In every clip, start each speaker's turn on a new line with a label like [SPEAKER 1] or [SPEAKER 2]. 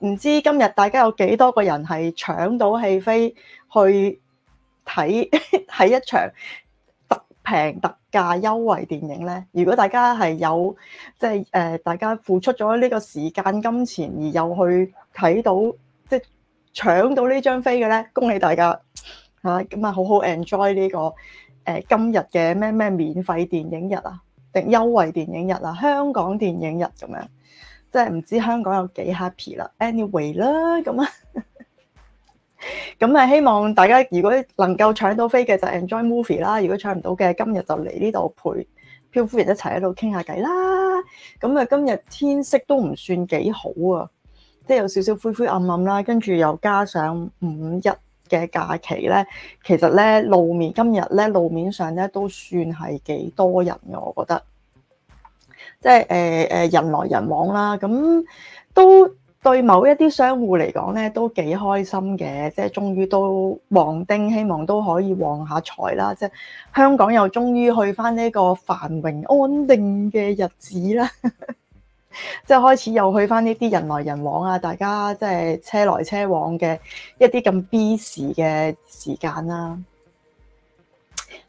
[SPEAKER 1] 唔知今日大家有幾多個人係搶到戲飛去睇睇 一場特平特價優惠電影咧？如果大家係有即係誒，大家付出咗呢個時間金錢，而又去睇到即係、就是、搶到這張的呢張飛嘅咧，恭喜大家嚇！咁啊，好好 enjoy 呢、呢個誒、呃、今日嘅咩咩免費電影日啊，定優惠電影日啊，香港電影日咁、啊、樣。即係唔知香港有幾 happy 啦，anyway 啦咁啊，咁啊希望大家如果能夠搶到飛嘅就 enjoy movie 啦，如果搶唔到嘅今日就嚟呢度陪漂夫人一齊喺度傾下偈啦。咁啊，今日天，天色都唔算幾好啊，即係有少少灰灰暗暗啦，跟住又加上五一嘅假期咧，其實咧路面今日咧路面上咧都算係幾多人嘅，我覺得。即係誒誒人來人往啦，咁都對某一啲商戶嚟講咧，都幾開心嘅。即係終於都旺丁，希望都可以旺下財啦。即係香港又終於去翻呢個繁榮安定嘅日子啦。即 係開始又去翻呢啲人來人往啊，大家即係車來車往嘅一啲咁 busy 嘅時間啦。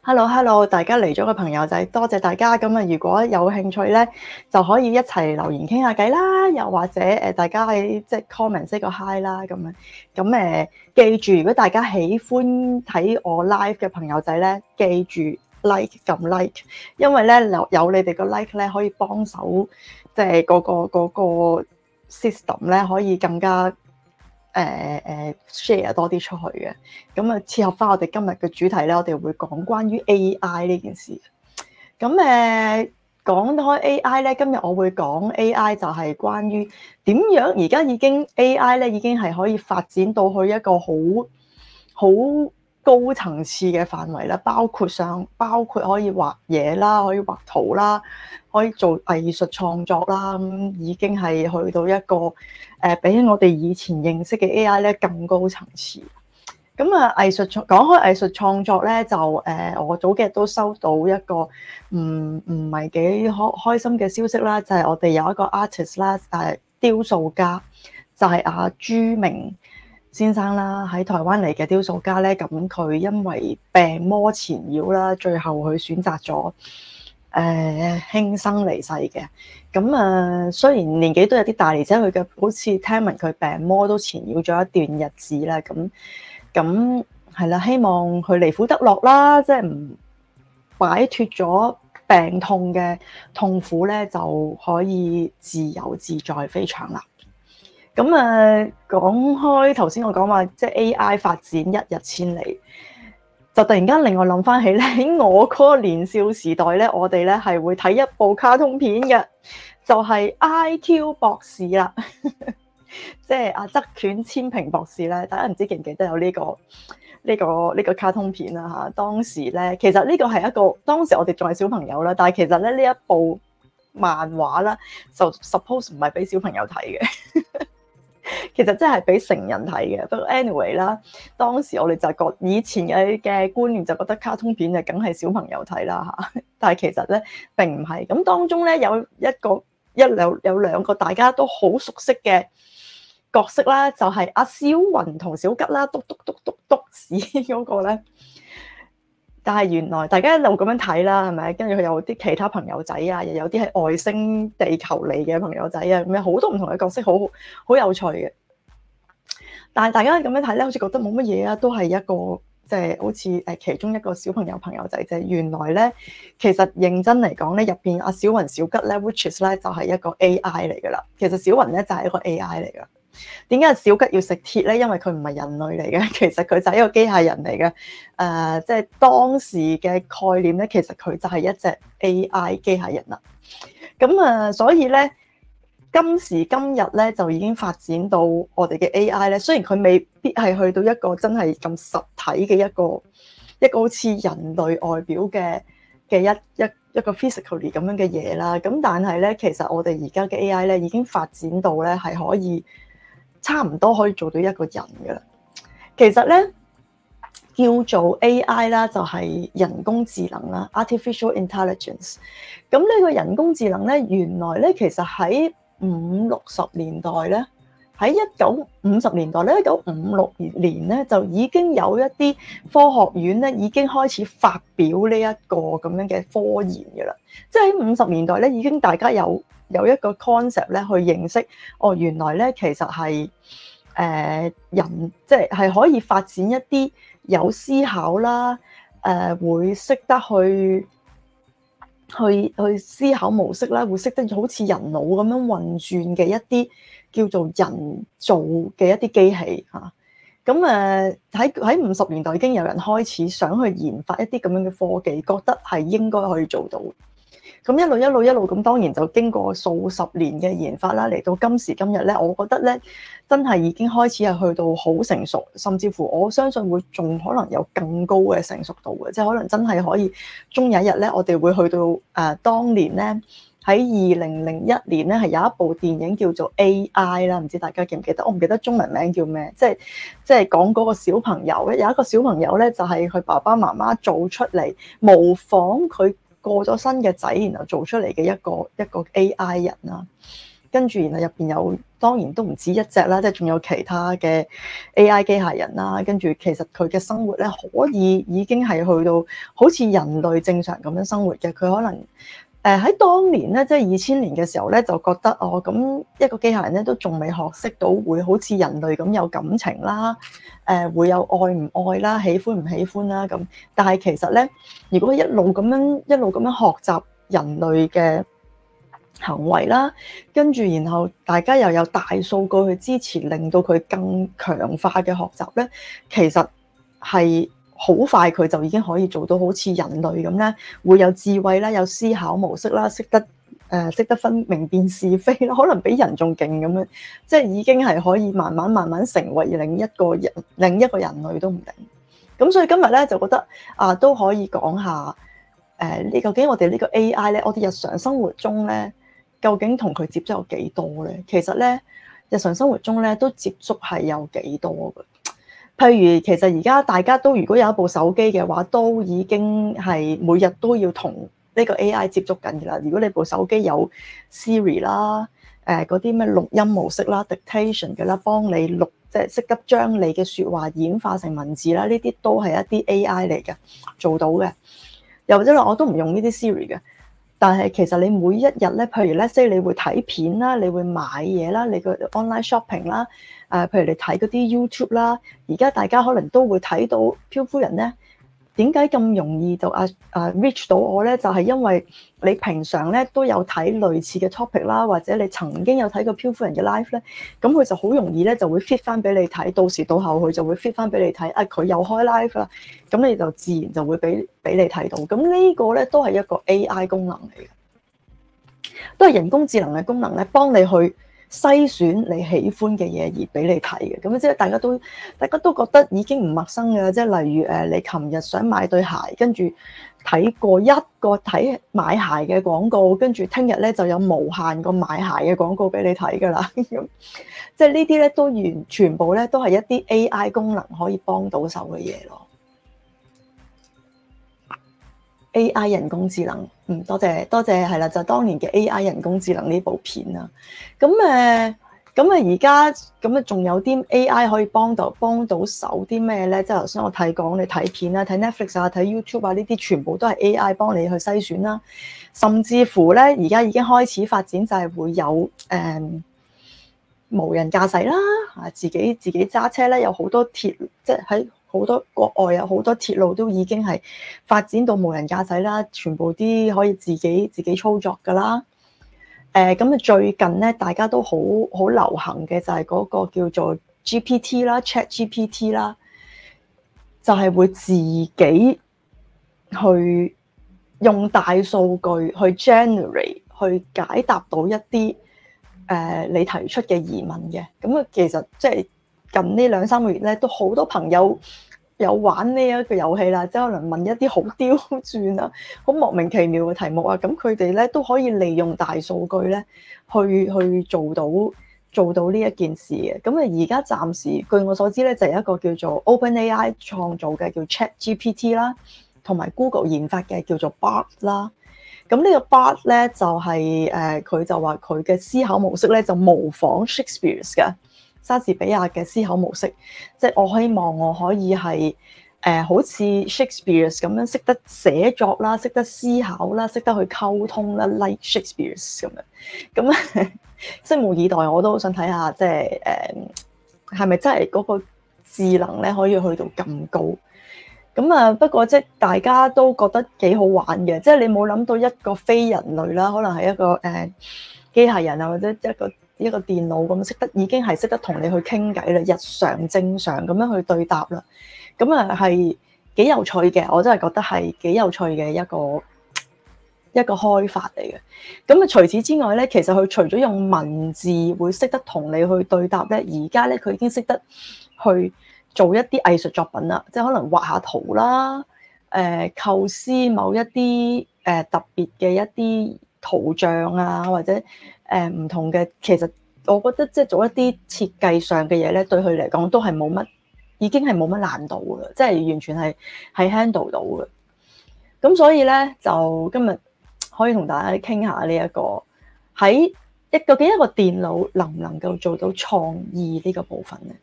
[SPEAKER 1] Hello，Hello，hello, 大家嚟咗嘅朋友仔，多謝大家。咁啊，如果有興趣咧，就可以一齊留言傾下偈啦。又或者誒，大家喺即係 comment 識個 hi 啦，咁樣。咁誒，記住，如果大家喜歡睇我 live 嘅朋友仔咧，記住 like 撳 like，因為咧有有你哋個 like 咧，可以幫手即係嗰個嗰個 system 咧，可以更加。Uh, uh, share 多啲出去嘅，咁啊，切合翻我哋今日嘅主題咧，我哋會講關於 AI 呢件事。咁誒、uh, 講開 AI 咧，今日我會講 AI 就係關於點樣而家已經 AI 咧，已經係可以發展到去一個好好。高層次嘅範圍啦，包括上包括可以畫嘢啦，可以畫圖啦，可以做藝術創作啦，已經係去到一個誒，比起我哋以前認識嘅 A. I. 咧更高層次。咁啊，藝術創講開藝術創作咧，就誒，我早幾日都收到一個唔唔係幾開開心嘅消息啦，就係、是、我哋有一個 artist 啦，誒、就是，雕塑家就係、是、阿朱明先生啦，喺台灣嚟嘅雕塑家咧，咁佢因為病魔纏繞啦，最後佢選擇咗誒、呃、輕生離世嘅。咁啊，雖然年紀都有啲大，而且佢嘅好似聽聞佢病魔都纏繞咗一段日子啦。咁咁係啦，希望佢離苦得樂啦，即係唔擺脫咗病痛嘅痛苦咧，就可以自由自在飛翔啦。咁、嗯、誒講開頭先，剛才我講話即係 A.I. 發展一日千里，就突然間令我諗返起咧，喺我個個年少時代咧，我哋咧係會睇一部卡通片嘅，就係、是、I.Q. 博士啦，即 係阿則卷千平博士咧。大家唔知記唔記得有呢、這個呢、這個呢、這個卡通片啦？嚇，當時咧其實呢個係一個當時我哋仲係小朋友啦，但係其實咧呢一部漫畫啦，就 suppose 唔係俾小朋友睇嘅。 其實真係俾成人睇嘅，不過 Anyway 啦，當時我哋就覺得以前嘅嘅觀念就覺得卡通片就梗係小朋友睇啦吓，但係其實咧並唔係。咁當中咧有一個一兩有兩個大家都好熟悉嘅角色啦，就係、是、阿小雲同小吉啦，篤篤篤篤篤屎嗰個咧。但係原來大家一路咁樣睇啦，係咪？跟住佢有啲其他朋友仔啊，又有啲係外星地球嚟嘅朋友仔啊，咁樣好多唔同嘅角色，好好有趣嘅。但係大家咁樣睇咧，好似覺得冇乜嘢啊，都係一個即係、就是、好似誒其中一個小朋友朋友仔啫。原來咧，其實認真嚟講咧，入邊阿小雲小吉咧，which is 咧就係、是、一個 AI 嚟噶啦。其實小雲咧就係一個 AI 嚟噶。點解小吉要食鐵咧？因為佢唔係人類嚟嘅，其實佢就係一個機械人嚟嘅。誒、呃，即係當時嘅概念咧，其實佢就係一隻 AI 機械人啦。咁啊，所以咧，今時今日咧，就已經發展到我哋嘅 AI 咧，雖然佢未必係去到一個真係咁實體嘅一個一個好似人類外表嘅嘅一一個 physically 咁樣嘅嘢啦。咁但係咧，其實我哋而家嘅 AI 咧，已經發展到咧係可以。差唔多可以做到一個人嘅啦。其實咧叫做 AI 啦，就係人工智能啦 （Artificial Intelligence）。咁呢個人工智能咧，原來咧其實喺五六十年代咧，喺一九五十年代咧，一九五六年咧，就已經有一啲科學院咧已經開始發表呢一個咁樣嘅科研嘅啦。即係喺五十年代咧，已經大家有。有一個 concept 咧，去認識哦，原來咧其實係誒、呃、人，即係係可以發展一啲有思考啦，誒、呃、會識得去去去思考模式啦，會識得好似人腦咁樣運轉嘅一啲叫做人造嘅一啲機器嚇。咁誒喺喺五十年代已經有人開始想去研發一啲咁樣嘅科技，覺得係應該可以做到。咁一路一路一路咁，當然就經過數十年嘅研發啦，嚟到今時今日咧，我覺得咧，真係已經開始係去到好成熟，甚至乎我相信會仲可能有更高嘅成熟度嘅，即係可能真係可以，終有一日咧，我哋會去到誒當年咧，喺二零零一年咧，係有一部電影叫做 A.I. 啦，唔知大家記唔記得？我唔記得中文名叫咩？即係即係講嗰個小朋友咧，有一個小朋友咧，就係佢爸爸媽媽做出嚟模仿佢。過咗新嘅仔，然後做出嚟嘅一個一個 AI 人啦，跟住然後入邊有當然都唔止一隻啦，即係仲有其他嘅 AI 機械人啦，跟住其實佢嘅生活呢可以已經係去到好似人類正常咁樣生活嘅，佢可能。誒喺當年咧，即係二千年嘅時候咧，就覺得哦，咁一個機械人咧都仲未學識到會好似人類咁有感情啦，誒會有愛唔愛啦、喜歡唔喜歡啦咁。但係其實咧，如果一路咁樣一路咁樣學習人類嘅行為啦，跟住然後大家又有大數據去支持，令到佢更強化嘅學習咧，其實係。好快佢就已經可以做到好似人類咁咧，會有智慧啦，有思考模式啦，識得誒識得分明辨是非啦，可能比人仲勁咁樣，即係已經係可以慢慢慢慢成為另一個人另一個人類都唔定。咁所以今日咧就覺得啊都可以講下誒呢究竟我哋呢個 AI 咧，我哋日常生活中咧，究竟同佢接觸有幾多咧？其實咧日常生活中咧都接觸係有幾多嘅。譬如，其實而家大家都如果有一部手機嘅話，都已經係每日都要同呢個 AI 接觸緊噶啦。如果你部手機有 Siri 啦，誒嗰啲咩錄音模式啦、dictation 嘅啦，幫你錄即係識得將你嘅說話演化成文字啦，呢啲都係一啲 AI 嚟嘅做到嘅。又或者話我都唔用呢啲 Siri 嘅。但係其實你每一日咧，譬如 let's say 你會睇片啦，你會買嘢啦，你個 online shopping 啦，誒，譬如你睇嗰啲 YouTube 啦，而家大家可能都會睇到漂夫人咧。點解咁容易就啊啊 reach 到我咧？就係、是、因為你平常咧都有睇類似嘅 topic 啦，或者你曾經有睇過漂夫人嘅 live 咧，咁佢就好容易咧就會 fit 翻俾你睇，到時到後佢就會 fit 翻俾你睇。啊，佢又開 live 啦，咁你就自然就會俾俾你睇到。咁呢個咧都係一個 AI 功能嚟嘅，都係人工智能嘅功能咧，幫你去。篩選你喜歡嘅嘢而俾你睇嘅，咁即係大家都大家都覺得已經唔陌生嘅，即係例如誒，你琴日想買對鞋，跟住睇過一個睇買鞋嘅廣告，跟住聽日咧就有無限個買鞋嘅廣告俾你睇㗎啦。咁即係呢啲咧都完全部咧都係一啲 AI 功能可以幫到手嘅嘢咯。A.I. 人工智能，嗯，多謝多謝，係啦、啊，就係、當年嘅 A.I. 人工智能呢部片啦。咁誒，咁啊而家咁啊仲有啲 A.I. 可以幫到幫到手啲咩咧？即係頭先我睇講你睇片啦，睇 Netflix 啊，睇 YouTube 啊，呢啲全部都係 A.I. 幫你去篩選啦。甚至乎咧，而家已經開始發展就係會有誒、嗯、無人駕駛啦，嚇自己自己揸車咧，有好多鐵即係喺。就是好多國外有好多鐵路都已經係發展到無人駕駛啦，全部啲可以自己自己操作噶啦。誒咁啊，最近咧大家都好好流行嘅就係嗰個叫做 GPT 啦、ChatGPT 啦，就係會自己去用大數據去 generate 去解答到一啲誒你提出嘅疑問嘅。咁啊，其實即係。近呢兩三個月咧，都好多朋友有玩呢一個遊戲啦，即可能問一啲好刁鑽啊、好莫名其妙嘅題目啊，咁佢哋咧都可以利用大數據咧去去做到做到呢一件事嘅。咁啊，而家暫時據我所知咧，就有一個叫做 OpenAI 創造嘅叫 ChatGPT 啦，同埋 Google 研發嘅叫做 Bard 啦。咁呢個 Bard 咧就係誒佢就話佢嘅思考模式咧就模仿 Shakespeare 嘅。莎士比亞嘅思考模式，即係我希望我可以係誒，好似 Shakespeare 咁樣識得寫作啦，識得思考啦，識得去溝通啦，like Shakespeare 咁樣。咁啊，拭目以待，我都好想睇下，即係誒，係咪真係嗰個智能咧可以去到咁高？咁啊，不過即係大家都覺得幾好玩嘅，即係你冇諗到一個非人類啦，可能係一個誒機械人啊，或者一個。一個電腦咁識得已經係識得同你去傾偈啦，日常正常咁樣去對答啦，咁啊係幾有趣嘅，我真係覺得係幾有趣嘅一個一個開發嚟嘅。咁啊除此之外咧，其實佢除咗用文字會識得同你去對答咧，而家咧佢已經識得去做一啲藝術作品啦，即係可能畫下圖啦，誒、呃、構思某一啲誒特別嘅一啲圖像啊，或者。誒、呃、唔同嘅，其實我覺得即係做一啲設計上嘅嘢咧，對佢嚟講都係冇乜，已經係冇乜難度嘅，即係完全係係 handle 到嘅。咁所以咧，就今日可以同大家傾下呢、這、一個喺一究竟一個電腦能唔能夠做到創意呢個部分咧？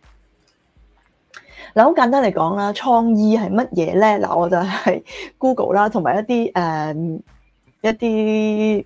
[SPEAKER 1] 嗱，好簡單嚟講啦，創意係乜嘢咧？嗱，我就係 Google 啦，同埋一啲誒、呃、一啲。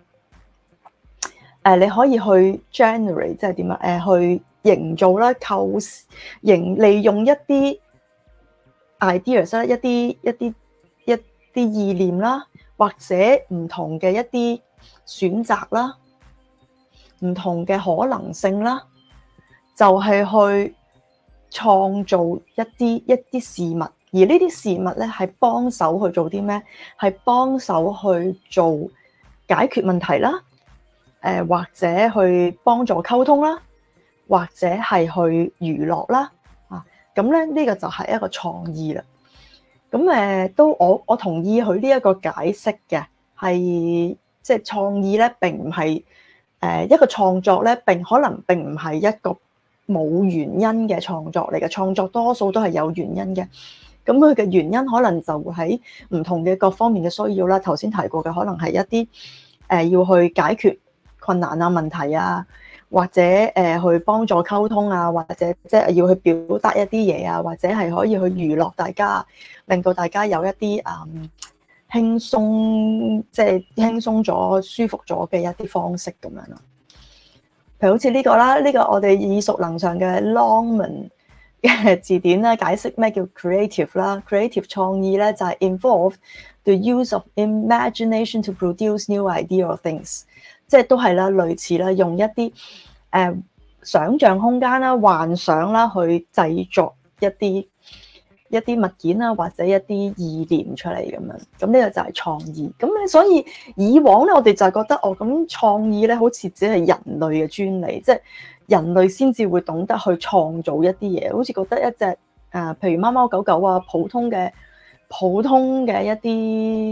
[SPEAKER 1] 誒你可以去 generate 即係點啊？誒去營造啦、構營、利用一啲 ideas，一啲一啲一啲意念啦，或者唔同嘅一啲選擇啦，唔同嘅可能性啦，就係去創造一啲一啲事物，而呢啲事物咧係幫手去做啲咩？係幫手去做解決問題啦。誒，或者去幫助溝通啦，或者係去娛樂啦，啊，咁咧呢個就係一個創意啦。咁誒，都我我同意佢、就是、呢並、呃、一個解釋嘅，係即係創意咧，並唔係誒一個創作咧，並可能並唔係一個冇原因嘅創作嚟嘅，創作多數都係有原因嘅。咁佢嘅原因可能就會喺唔同嘅各方面嘅需要啦。頭先提過嘅，可能係一啲誒、呃、要去解決。困難啊、問題啊，或者誒去幫助溝通啊，或者即係要去表達一啲嘢啊，或者係可以去娛樂大家，令到大家有一啲誒、嗯、輕鬆，即、就、係、是、輕鬆咗、舒服咗嘅一啲方式咁樣咯。譬如好似呢個啦，呢、這個我哋耳熟能詳嘅 Longman 嘅字典咧，解釋咩叫 creative 啦，creative 創意咧就係、是、involve the use of imagination to produce new idea or things。即係都係啦，類似啦，用一啲誒、呃、想像空間啦、幻想啦，去製作一啲一啲物件啦，或者一啲意念出嚟咁樣。咁呢個就係創意。咁所以以往咧，我哋就係覺得哦，咁創意咧，好似只係人類嘅專利，即係人類先至會懂得去創造一啲嘢，好似覺得一隻啊、呃，譬如貓貓狗狗啊，普通嘅普通嘅一啲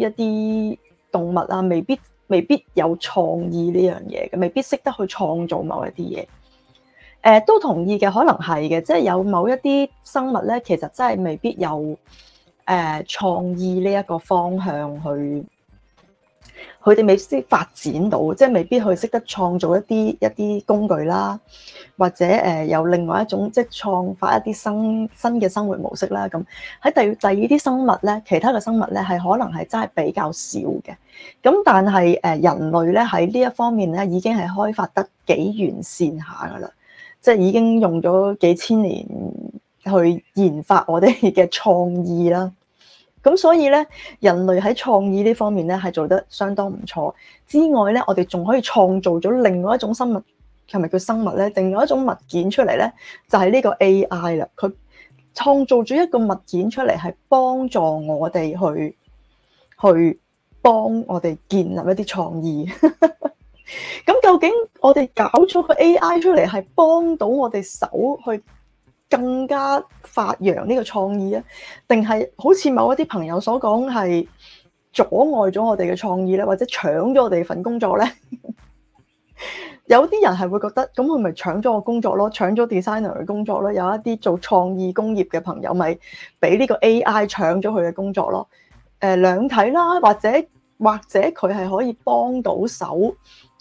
[SPEAKER 1] 一啲動物啊，未必。未必有創意呢樣嘢嘅，未必識得去創造某一啲嘢。誒、呃，都同意嘅，可能係嘅，即係有某一啲生物咧，其實真係未必有誒、呃、創意呢一個方向去。佢哋未識發展到，即係未必去識得創造一啲一啲工具啦，或者誒有另外一種即係創發一啲新新嘅生活模式啦。咁喺第第二啲生物咧，其他嘅生物咧係可能係真係比較少嘅。咁但係誒人類咧喺呢一方面咧已經係開發得幾完善下噶啦，即係已經用咗幾千年去研發我哋嘅創意啦。咁所以咧，人類喺創意呢方面咧係做得相當唔錯。之外咧，我哋仲可以創造咗另外一種生物，係咪叫生物咧？定有一種物件出嚟咧，就係呢個 AI 啦。佢創造咗一個物件出嚟，係幫助我哋去去幫我哋建立一啲創意。咁 究竟我哋搞咗個 AI 出嚟，係幫到我哋手去，更加發揚呢個創意啊？定係好似某一啲朋友所講，係阻礙咗我哋嘅創意咧，或者搶咗我哋份工作咧？ 有啲人係會覺得，咁佢咪搶咗我工作咯，搶咗 designer 嘅工作咯？有一啲做創意工業嘅朋友，咪俾呢個 AI 搶咗佢嘅工作咯？誒、呃，兩睇啦，或者或者佢係可以幫到手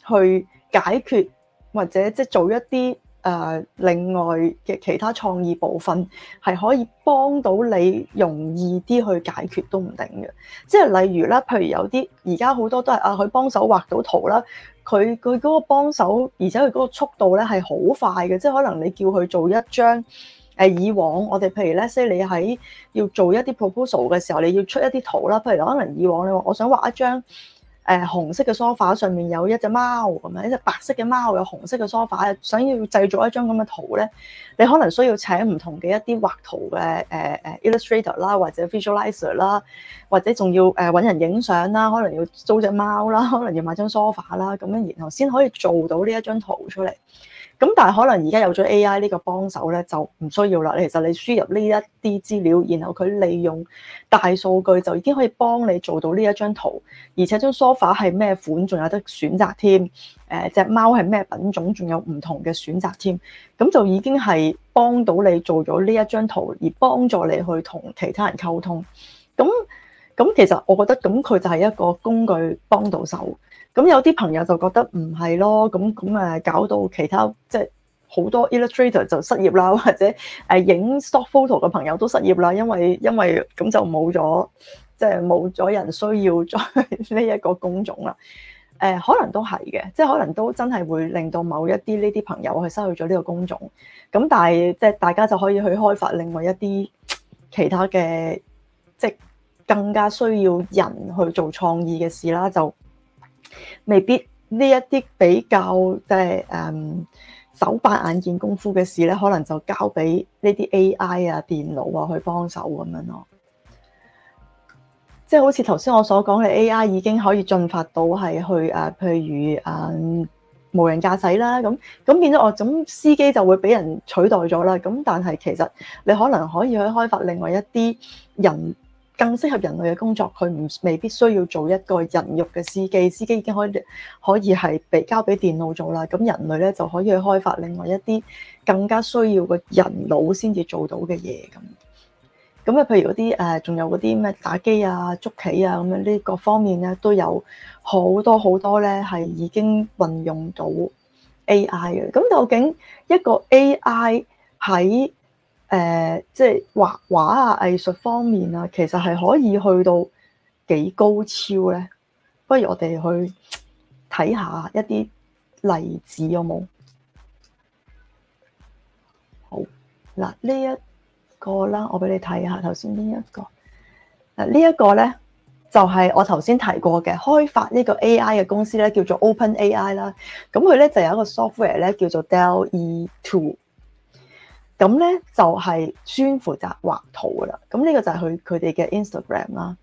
[SPEAKER 1] 去解決，或者即係做一啲。誒，另外嘅其他創意部分係可以幫到你容易啲去解決都唔定嘅，即係例如咧，譬如有啲而家好多都係啊，佢幫手畫到圖啦，佢佢嗰個幫手，而且佢嗰個速度咧係好快嘅，即係可能你叫佢做一張誒，以往我哋譬如咧，即係你喺要做一啲 proposal 嘅時候，你要出一啲圖啦，譬如可能以往你話我想畫一張。誒紅色嘅 sofa 上面有一隻貓咁樣，一隻白色嘅貓，有紅色嘅 sofa，想要製作一張咁嘅圖咧，你可能需要請唔同嘅一啲畫圖嘅誒誒 illustrator 啦，或者 visualizer 啦，或者仲要誒揾人影相啦，可能要租隻貓啦，可能要買張 sofa 啦，咁樣然後先可以做到呢一張圖出嚟。咁但係可能而家有咗 AI 呢個幫手咧，就唔需要啦。其實你輸入呢一啲資料，然後佢利用大數據就已經可以幫你做到呢一張圖，而且張梳化係咩款，仲有得選擇添。誒，隻貓係咩品種，仲有唔同嘅選擇添。咁就已經係幫到你做咗呢一張圖，而幫助你去同其他人溝通。咁咁其實我覺得，咁佢就係一個工具幫到手。咁有啲朋友就覺得唔係咯，咁咁誒，搞到其他即係好多 illustrator 就失業啦，或者誒影、啊、stock photo 嘅朋友都失業啦，因為因為咁就冇咗，即係冇咗人需要再呢一個工種啦。誒、呃，可能都係嘅，即係可能都真係會令到某一啲呢啲朋友去失去咗呢個工種。咁但係即係大家就可以去開發另外一啲其他嘅，即係更加需要人去做創意嘅事啦，就。未必呢一啲比較即係誒手板眼見功夫嘅事咧，可能就交俾呢啲 AI 啊、電腦啊去幫手咁樣咯。即係好似頭先我所講嘅 AI 已經可以進發到係去誒、啊，譬如誒、啊、無人駕駛啦，咁咁變咗我咁司機就會俾人取代咗啦。咁但係其實你可能可以去開發另外一啲人。更適合人類嘅工作，佢唔未必需要做一個人肉嘅司機，司機已經可以可以係被交俾電腦做啦。咁人類咧就可以去開發另外一啲更加需要個人腦先至做到嘅嘢咁。咁啊，譬如嗰啲誒，仲有嗰啲咩打機啊、捉棋啊咁樣，呢各方面咧都有好多好多咧係已經運用到 AI 嘅。咁究竟一個 AI 喺？誒、呃，即係畫畫啊、藝術方面啊，其實係可以去到幾高超咧。不如我哋去睇下一啲例子有冇？好嗱，呢一個啦，我俾你睇下頭先呢一個。嗱，呢一個咧就係、是、我頭先提過嘅開發呢個 AI 嘅公司咧，叫做 OpenAI 啦。咁佢咧就有一個 software 咧，叫做 DALL-E 2。咁咧就係專負責畫圖噶啦，咁呢個就係佢佢哋嘅 Instagram 啦。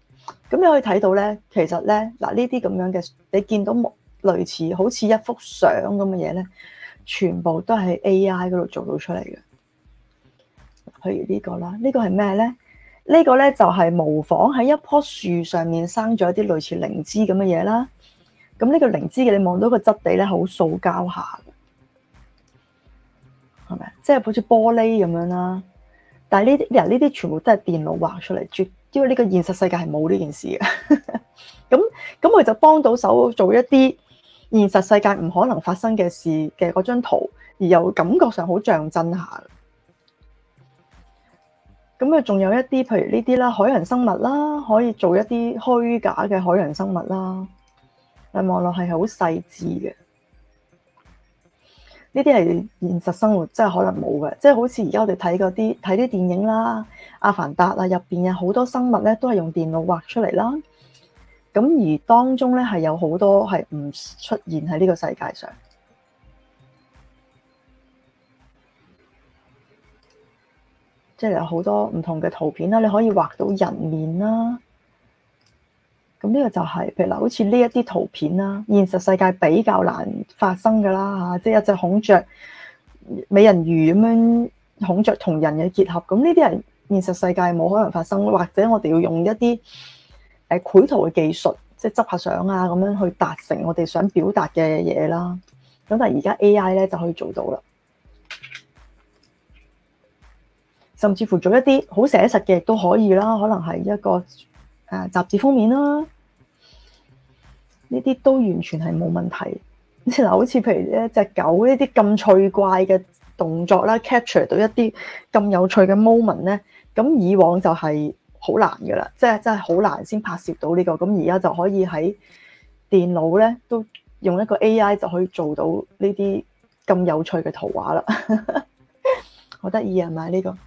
[SPEAKER 1] 咁你可以睇到咧，其實咧嗱呢啲咁樣嘅，你見到模類似好似一幅相咁嘅嘢咧，全部都係 AI 嗰度做到出嚟嘅。譬如呢個啦，呢個係咩咧？呢個咧就係模仿喺一棵樹上面生咗一啲類似靈芝咁嘅嘢啦。咁呢個靈芝嘅，你望到個質地咧，好塑膠下。係咪？即係好似玻璃咁樣啦。但係呢啲呢啲全部都係電腦畫出嚟，絕，因為呢個現實世界係冇呢件事嘅。咁咁佢就幫到手做一啲現實世界唔可能發生嘅事嘅嗰張圖，而又感覺上好像真下。咁佢仲有一啲，譬如呢啲啦，海洋生物啦，可以做一啲虛假嘅海洋生物啦。但望落係好細緻嘅。呢啲係現實生活真係可能冇嘅，即係好似而家我哋睇嗰啲睇啲電影啦，《阿凡達》呀，入邊有好多生物咧，都係用電腦畫出嚟啦。咁而當中咧係有好多係唔出現喺呢個世界上，即係有好多唔同嘅圖片啦，你可以畫到人面啦。咁呢個就係、是，譬如好似呢一啲圖片啦，現實世界比較難發生㗎啦，吓，即係一隻孔雀美人魚咁樣，孔雀同人嘅結合，咁呢啲係現實世界冇可能發生的，或者我哋要用一啲誒繪圖嘅技術，即係執下相啊，咁樣去達成我哋想表達嘅嘢啦。咁但係而家 A I 咧就可以做到啦，甚至乎做一啲好寫實嘅都可以啦，可能係一個誒、啊、雜誌封面啦。呢啲都完全係冇問題。好似譬如一隻狗呢啲咁趣怪嘅動作啦，capture 到一啲咁有趣嘅 moment 咧，咁以往就係好難噶啦，即係真係好難先拍攝到呢個。咁而家就可以喺電腦咧，都用一個 AI 就可以做到呢啲咁有趣嘅圖畫啦，好得意啊，係咪呢個？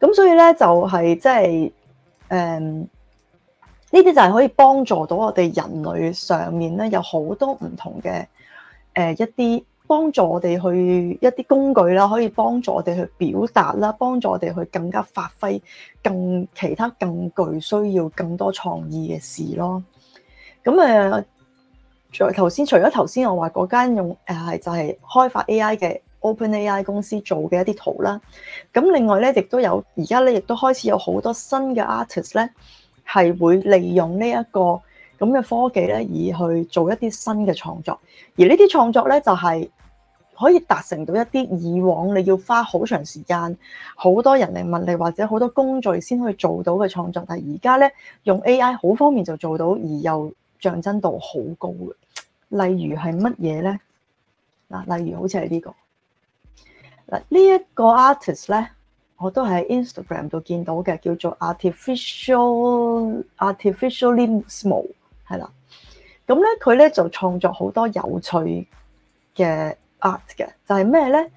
[SPEAKER 1] 咁所以咧就係即係誒。呢啲就係可以幫助到我哋人類上面咧，有好多唔同嘅誒一啲幫助我哋去一啲工具啦，可以幫助我哋去表達啦，幫助我哋去更加發揮更其他更具需要更多創意嘅事咯。咁誒，在頭先除咗頭先我話嗰間用誒係、呃、就係、係、開發 AI 嘅 OpenAI 公司做嘅一啲圖啦。咁另外咧，亦都有而家咧，亦都開始有好多新嘅 artists 咧。係會利用呢一個咁嘅科技咧，而去做一啲新嘅創作，而呢啲創作咧就係可以達成到一啲以往你要花好長時間、好多人力物力或者好多工序先可以做到嘅創作，但係而家咧用 AI 好方便就做到，而又象徵度好高嘅。例如係乜嘢咧？嗱，例如好似係呢個嗱，呢一個 artist 咧。我都喺 Instagram 度見到嘅，叫做 artificial artificially small，係啦。咁咧佢咧就創作好多有趣嘅 art 嘅，就係咩咧？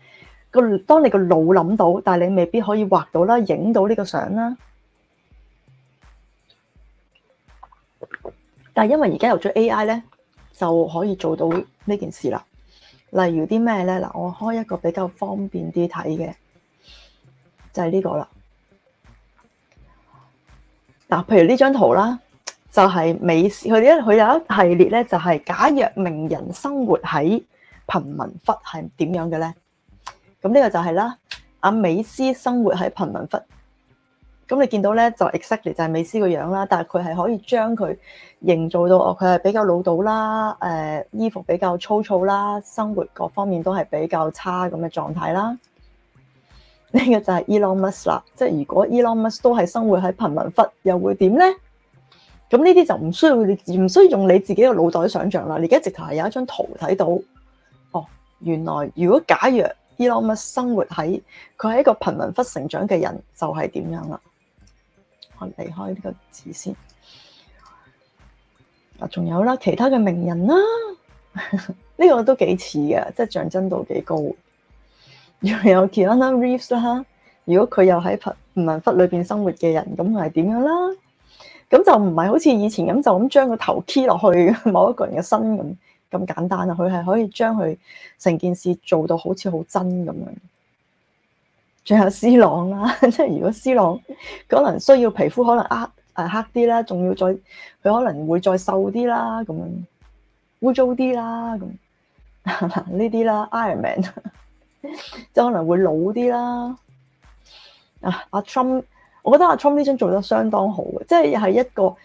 [SPEAKER 1] 當你個腦諗到，但你未必可以畫到啦、影到呢個相啦。但係因為而家有咗 AI 咧，就可以做到呢件事啦。例如啲咩咧？嗱，我開一個比較方便啲睇嘅。就係、是、呢個啦。嗱，譬如呢張圖啦，就係美斯佢一佢有一系列咧、就是，就係假若名人生活喺貧民窟係點樣嘅咧？咁呢個就係啦。阿美斯生活喺貧民窟，咁你見到咧就 exactly 就係美斯個樣啦。但係佢係可以將佢營造到哦，佢係比較老到啦，誒、呃、衣服比較粗糙啦，生活各方面都係比較差咁嘅狀態啦。呢、個就係 Elon Musk 啦，即係如果 Elon Musk 都係生活喺貧民窟，又會點咧？咁呢啲就唔需要你，唔需要用你自己嘅腦袋想像啦。你而家直頭係有一張圖睇到，哦，原來如果假若 Elon Musk 生活喺佢係一個貧民窟成長嘅人，就係點樣啦？我離開呢個字先。嗱，仲有啦，其他嘅名人啦，呢、個都幾似嘅，即係象徵度幾高。又有其他啦 Reeves 啦，如果佢又喺貧民窟裏邊生活嘅人，咁係點樣啦？咁就唔係好似以前咁就咁將個頭 key 落去某一個人嘅身咁咁簡單啦。佢係可以將佢成件事做到好似好真咁樣。最後 C 朗啦，即係如果 C 朗佢可能需要皮膚可能黑誒黑啲啦，仲要再佢可能會再瘦啲啦，咁樣污糟啲啦，咁呢啲啦 Iron Man。即係可能會老啲啦，啊，阿 Trump，我覺得阿 Trump 呢張做得相當好嘅，即係係一個，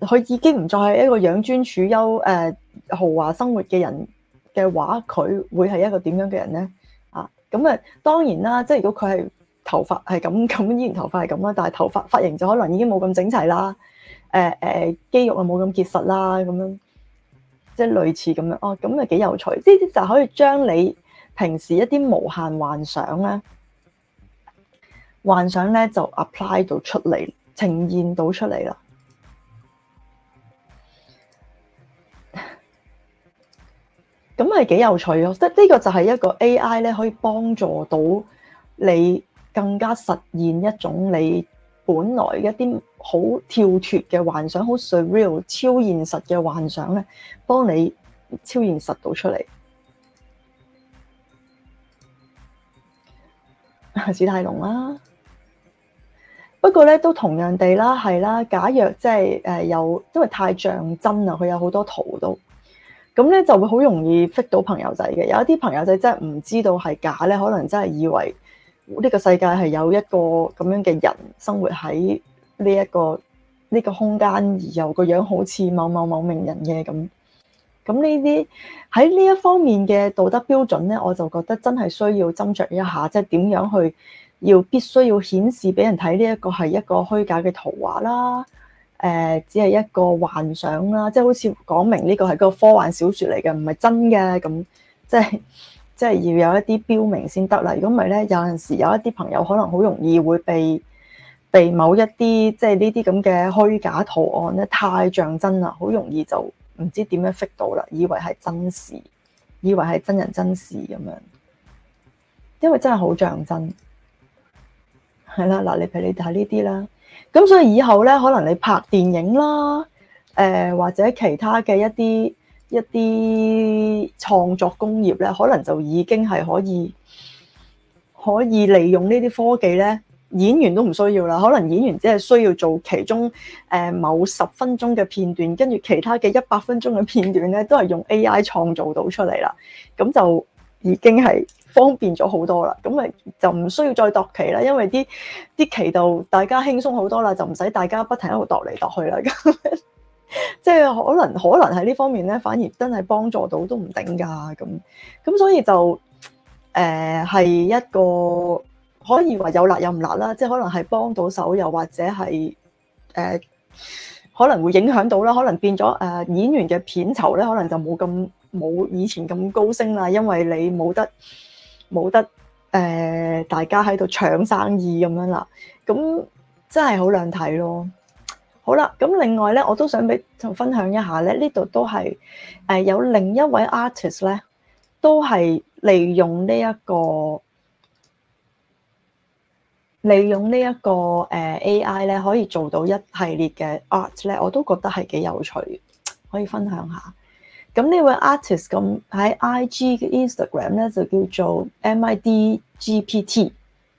[SPEAKER 1] 佢已經唔再係一個養尊處優誒豪華生活嘅人嘅話，佢會係一個點樣嘅人咧？啊，咁啊，當然啦，即係如果佢係頭髮係咁，咁依然頭髮係咁啦，但係頭髮髮型就可能已經冇咁整齊啦，誒、呃、誒，肌肉又冇咁結實啦，咁樣，即係類似咁樣，哦、啊，咁啊幾有趣，即係就可以將你。平時一啲無限幻想咧，幻想咧就 apply 到出嚟，呈現到出嚟啦。咁係幾有趣囉！即係呢個就係一個 AI 咧，可以幫助到你更加實現一種你本來一啲好跳脱嘅幻想，好 surreal 超現實嘅幻想咧，幫你超現實到出嚟。史泰龍啦，不過咧都同樣地啦，係啦。假若即係誒，有因為太像真啦，佢有好多圖都咁咧，那就會好容易識到朋友仔嘅。有一啲朋友仔真係唔知道係假咧，可能真係以為呢個世界係有一個咁樣嘅人生活喺呢一個呢、呢個空間，而又個樣好似某某某名人嘅咁。咁呢啲喺呢一方面嘅道德標準咧，我就覺得真係需要斟酌一下，即係點樣去要必須要顯示俾人睇呢一個係一個虛假嘅圖畫啦，誒、呃，只係一個幻想啦，即係好似講明呢個係個科幻小説嚟嘅，唔係真嘅咁，即係即係要有一啲標明先得啦。如果唔係咧，有陣時有一啲朋友可能好容易會被被某一啲即係呢啲咁嘅虛假圖案咧太像真啦，好容易就～唔知點樣 fake 到啦，以為係真事，以為係真人真事咁樣，因為真係好象真。係啦，嗱，你譬如你睇呢啲啦，咁所以以後咧，可能你拍電影啦，誒、呃、或者其他嘅一啲一啲創作工業咧，可能就已經係可以可以利用呢啲科技咧。演員都唔需要啦，可能演員只係需要做其中誒、呃、某十分鐘嘅片段，跟住其他嘅一百分鐘嘅片段咧，都係用 AI 創造到出嚟啦。咁就已經係方便咗好多啦。咁咪就唔需要再度期啦，因為啲啲期度大家輕鬆好多啦，就唔使大家不停喺度度嚟度去啦。咁即係可能可能喺呢方面咧，反而真係幫助到都唔定噶咁咁，所以就誒係、呃、一個。可以話有辣有唔辣啦，即係可能係幫到手，又或者係誒、呃，可能會影響到啦，可能變咗誒、呃、演員嘅片酬咧，可能就冇咁冇以前咁高升啦，因為你冇得冇得誒、呃，大家喺度搶生意咁樣啦，咁真係好兩睇咯。好啦，咁另外咧，我都想俾同分享一下咧，呢度都係誒、呃、有另一位 artist 咧，都係利用呢、這、一個。利用呢一個 A.I. 咧，可以做到一系列嘅 art 咧，我都覺得係幾有趣，可以分享一下。咁呢位 artist 咁喺 I.G. 嘅 Instagram 咧，就叫做 M.I.D.G.P.T.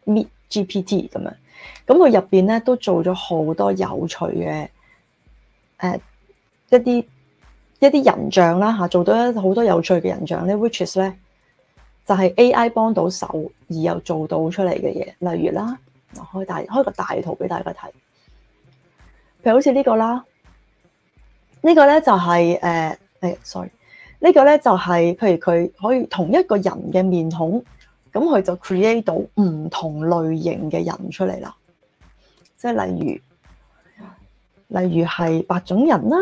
[SPEAKER 1] Meet G.P.T. 咁樣，咁佢入邊咧都做咗好多有趣嘅一啲一啲人像啦，做到好多有趣嘅人像咧，which e s 咧就係 A.I. 幫到手而又做到出嚟嘅嘢，例如啦。開大開個大圖俾大家睇，譬如好似呢個啦，呢個咧就係誒誒，sorry，呢個咧就係譬如佢可以同一個人嘅面孔，咁佢就 create 到唔同類型嘅人出嚟啦，即係例如例如係白種人啦，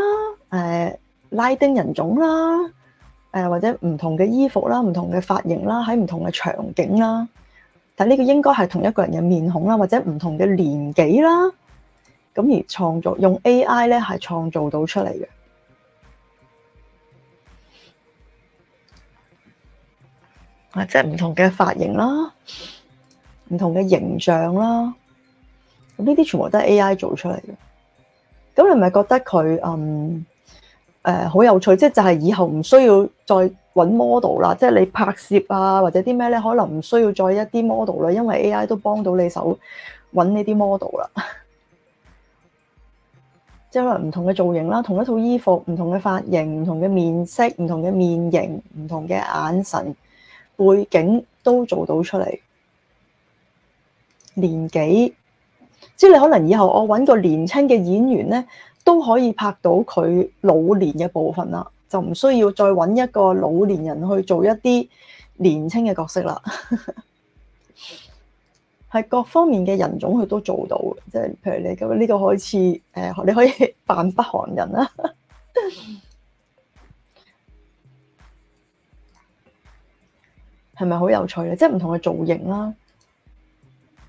[SPEAKER 1] 誒拉丁人種啦，誒或者唔同嘅衣服啦，唔同嘅髮型啦，喺唔同嘅場景啦。但呢個應該係同一個人嘅面孔啦，或者唔同嘅年紀啦，咁而創作用 AI 咧係創造到出嚟嘅，或者唔同嘅髮型啦，唔同嘅形象啦，咁呢啲全部都係 AI 做出嚟嘅，咁你係咪覺得佢嗯？誒、呃、好有趣，即係就係、是、以後唔需要再揾 model 啦，即、就、係、是、你拍攝啊或者啲咩咧，可能唔需要再一啲 model 啦，因為 AI 都幫到你手揾呢啲 model 啦。即係可能唔同嘅造型啦，同一套衣服，唔同嘅髮型，唔同嘅面色，唔同嘅面型，唔同嘅眼神，背景都做到出嚟。年紀，即係你可能以後我揾個年輕嘅演員呢。都可以拍到佢老年嘅部分啦，就唔需要再揾一個老年人去做一啲年輕嘅角色啦。係 各方面嘅人種佢都做到，即係、就是、譬如你咁呢個開始，誒你可以扮北韓人啦，係咪好有趣咧？即係唔同嘅造型啦。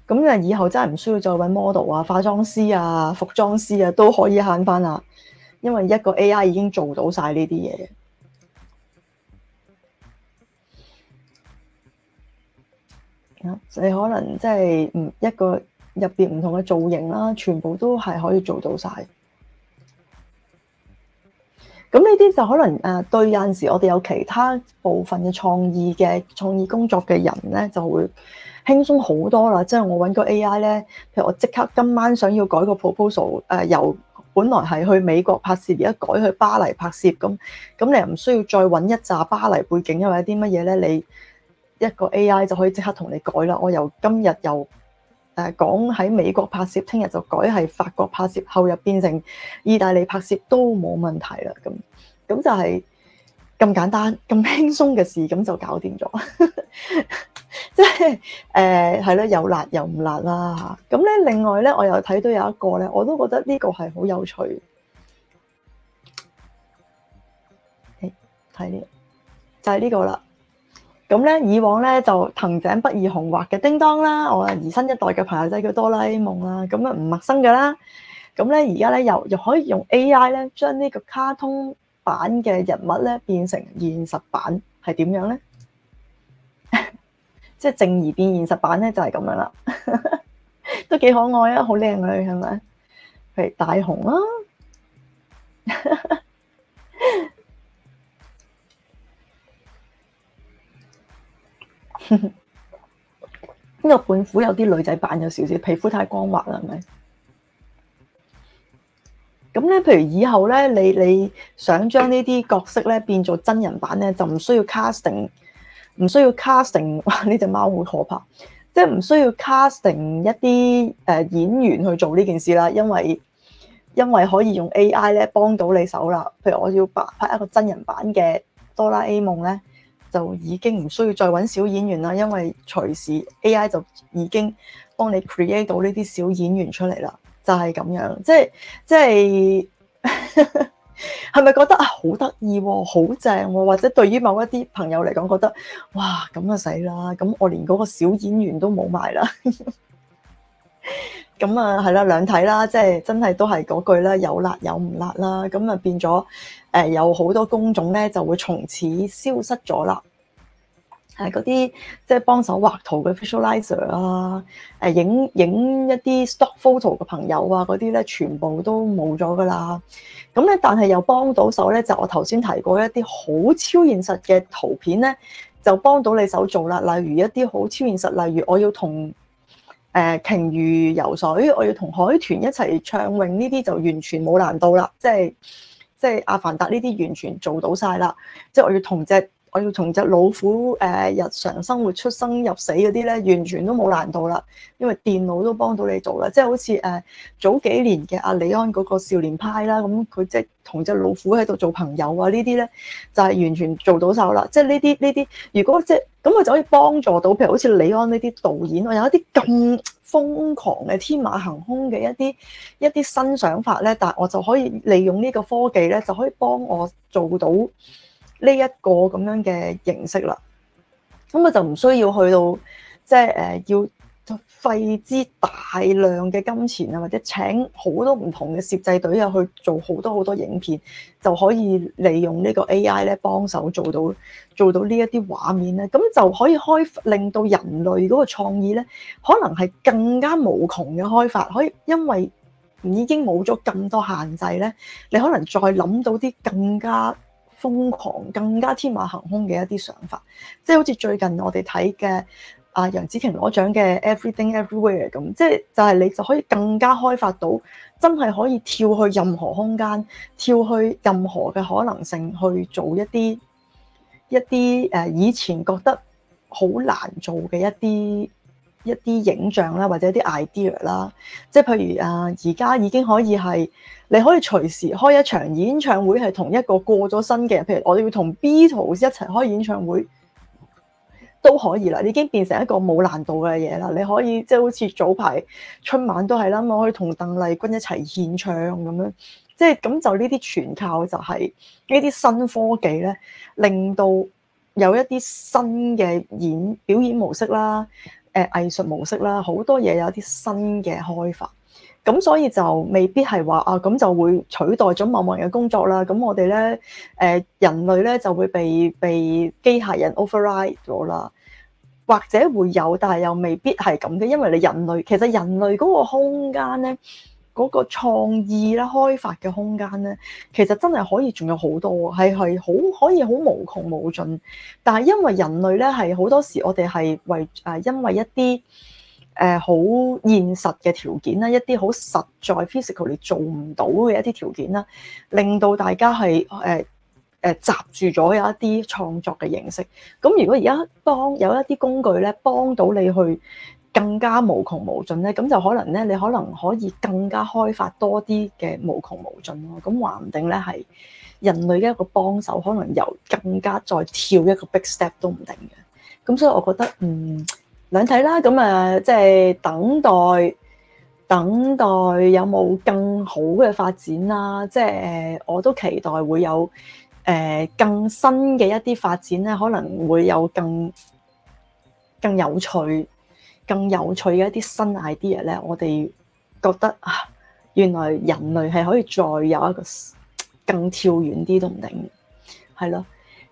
[SPEAKER 1] 咁啊！以後真係唔需要再搵 model 啊、化妝師啊、服裝師啊都可以慳翻啦，因為一個 AI 已經做到晒呢啲嘢。你可能即係唔一個入邊唔同嘅造型啦，全部都係可以做到晒。咁呢啲就可能誒對有陣時我哋有其他部分嘅創意嘅創意工作嘅人咧就會。輕鬆好多啦！即、就、係、是、我揾個 AI 呢，譬如我即刻今晚想要改個 proposal，誒、呃、由本來係去美國拍攝，而家改去巴黎拍攝，咁咁你又唔需要再揾一紮巴黎背景，因為啲乜嘢呢？你一個 AI 就可以即刻同你改啦。我由今日由誒、呃、講喺美國拍攝，聽日就改係法國拍攝，後日變成意大利拍攝都冇問題啦。咁咁就係咁簡單咁輕鬆嘅事，咁就搞掂咗。 即係誒，係、呃、咯，又辣又唔辣啦。咁咧，另外咧，我又睇到有一個咧，我都覺得呢個係好有趣。誒、哎，睇呢、呢個，就係、係、呢個啦。咁咧，以往咧就藤井不二雄畫嘅叮當啦，我疑新一代嘅朋友仔叫哆啦 A 夢啦，咁啊唔陌生噶啦。咁咧，而家咧又又可以用 A I 咧，將呢個卡通版嘅人物咧變成現實版，係點樣咧？ 即係正義變現實版咧，就係、是、咁樣啦， 都幾可愛啊，好靚女係咪？譬如大雄啦、啊，呢 個胖虎有啲女仔版有少少，皮膚太光滑啦，係咪？咁咧，譬如以後咧，你你想將呢啲角色咧變做真人版咧，就唔需要 casting。唔需要 casting 呢隻貓好可怕，即係唔需要 casting 一啲演員去做呢件事啦，因為因為可以用 AI 咧幫到你手啦。譬如我要拍拍一個真人版嘅哆啦 A 夢咧，就已經唔需要再揾小演員啦，因為隨時 AI 就已經幫你 create 到呢啲小演員出嚟啦，就係咁樣，即係即係。 係咪覺得啊好得意，哦，好正，哦，或者對於某一啲朋友嚟講，覺得哇咁啊死啦，咁我連嗰個小演員都冇埋啦，咁啊係啦兩睇啦，即係真係都係嗰句啦，有辣有唔辣啦，咁啊變咗誒有好多工種咧就會從此消失咗啦。係嗰啲即係幫手畫圖嘅 facializer 啊，誒影影一啲 stock photo 嘅朋友啊，嗰啲咧全部都冇咗㗎啦。咁咧，但係又幫到手咧，就我頭先提過一啲好超現實嘅圖片咧，就幫到你手做啦。例如一啲好超現實，例如我要同誒、呃、鯨魚游水，我要同海豚一齊暢泳，呢啲就完全冇難度啦。即係即係阿凡達呢啲完全做到晒啦。即係我要同隻。我要同隻老虎誒日常生活出生入死嗰啲咧，完全都冇難度啦，因為電腦都幫到你做啦。即係好似誒早幾年嘅阿李安嗰個《少年派》啦，咁佢即係同隻老虎喺度做朋友啊！呢啲咧就係完全做到手啦。即係呢啲呢啲，如果即係咁，我就可以幫助到，譬如好似李安呢啲導演，我有一啲咁瘋狂嘅天馬行空嘅一啲一啲新想法咧，但係我就可以利用呢個科技咧，就可以幫我做到。呢一個咁樣嘅形式啦，咁啊就唔需要去到即係誒要費之大量嘅金錢啊，或者請好多唔同嘅攝製隊啊去做好多好多影片，就可以利用呢個 AI 咧幫手做到做到呢一啲畫面咧，咁就可以開令到人類嗰個創意咧，可能係更加無窮嘅開發，可以因為已經冇咗咁多限制咧，你可能再諗到啲更加。瘋狂更加天馬行空嘅一啲想法，即係好似最近我哋睇嘅啊楊紫瓊攞獎嘅 Everything Everywhere 咁，即係就係你就可以更加開發到真係可以跳去任何空間，跳去任何嘅可能性去做一啲一啲誒以前覺得好難做嘅一啲一啲影像啦，或者一啲 idea 啦，即係譬如啊，而家已經可以係你可以隨時開一場演唱會，係同一個過咗身嘅，譬如我哋要同 Beatles 一齊開演唱會都可以啦。已經變成一個冇難度嘅嘢啦。你可以即係好似早排春晚都係啦，我可以同鄧麗君一齊獻唱咁樣，即係咁就呢啲全靠就係呢啲新科技咧，令到有一啲新嘅演表演模式啦。誒、呃、藝術模式啦，好多嘢有啲新嘅開發，咁所以就未必係話啊，咁就會取代咗某某人嘅工作啦。咁我哋咧，誒人類咧就會被被機械人 override 咗啦，或者會有，但係又未必係咁嘅，因為你人類其實人類嗰個空間咧。嗰、那個創意啦、開發嘅空間咧，其實真係可以仲有好多，係係好可以好無窮無盡。但係因為人類咧係好多時候我，我哋係為誒因為一啲誒好現實嘅條件啦，一啲好實在 physical 你做唔到嘅一啲條件啦，令到大家係誒誒閘住咗有一啲創作嘅形式。咁如果而家幫有一啲工具咧，幫到你去。更加無窮無盡咧，咁就可能咧，你可能可以更加開發多啲嘅無窮無盡咯。咁話唔定咧，係人類嘅一個幫手，可能由更加再跳一個 big step 都唔定嘅。咁所以，我覺得嗯兩睇啦。咁啊，即係等待，等待有冇更好嘅發展啦。即係我都期待會有誒更新嘅一啲發展咧，可能會有更更有趣。更有趣嘅一啲新 idea 咧，我哋覺得啊，原來人類係可以再有一個更跳遠啲都唔定，係咯。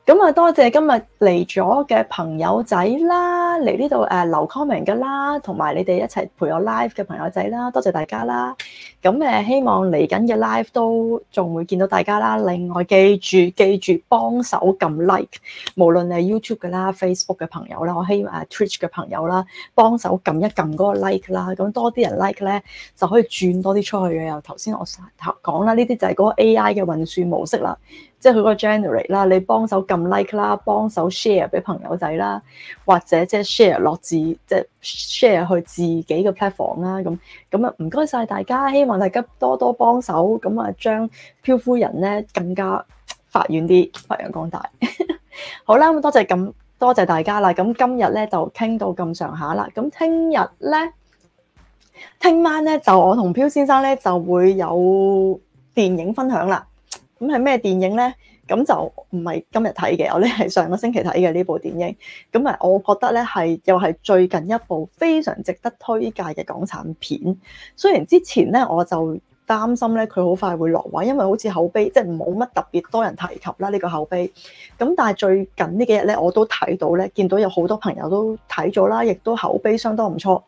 [SPEAKER 1] 咁啊，多謝今日嚟咗嘅朋友仔啦，嚟呢度誒留 comment 嘅啦，同埋你哋一齊陪我 live 嘅朋友仔啦，多謝大家啦。咁誒，希望嚟緊嘅 live 都仲會見到大家啦。另外記住記住幫手撳 like，無論係 YouTube 噶啦、Facebook 嘅朋友啦、我希望 Twitch 嘅朋友啦，幫手撳一撳嗰個 like 啦。咁多啲人 like 咧，就可以轉多啲出去嘅。頭先我講啦，呢啲就係嗰個 AI 嘅運算模式啦。即係佢嗰個 generate 啦，你幫手撳 like 啦，幫手 share 俾朋友仔啦，或者即係 share 落自即係、就是、share 去自己嘅 platform 啦。咁咁啊，唔該晒大家，希望大家多多幫手，咁啊將漂夫人咧更加發遠啲，發揚光大。 好啦，咁多謝咁多謝大家啦。咁今日咧就傾到咁上下啦。咁聽日咧，聽晚咧就我同漂先生咧就會有電影分享啦。咁係咩電影呢？咁就唔係今日睇嘅，我咧係上個星期睇嘅呢部電影。咁啊，我覺得咧係又係最近一部非常值得推介嘅港產片。雖然之前咧我就擔心咧佢好快會落畫，因為好似口碑即係冇乜特別多人提及啦呢個口碑。咁但係最近呢幾日咧我都睇到咧，見到有好多朋友都睇咗啦，亦都口碑相當唔錯。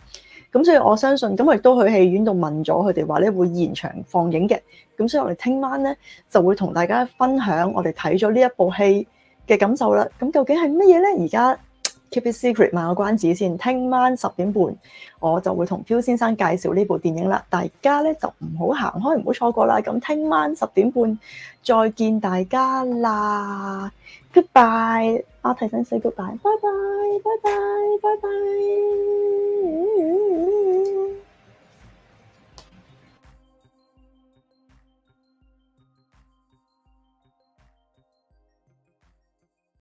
[SPEAKER 1] 咁所以我相信，咁亦都去戲院度問咗佢哋話咧會延長放映嘅。咁所以我哋聽晚咧就會同大家分享我哋睇咗呢一部戲嘅感受啦。咁究竟係乜嘢咧？而家 keep it secret，賣個關子先。聽晚十點半我就會同漂先生介紹呢部電影啦。大家咧就唔好行開，唔好錯過啦。咁聽晚十點半再見大家啦，goodbye。啊！提醒 say goodbye，拜拜，拜拜，拜拜。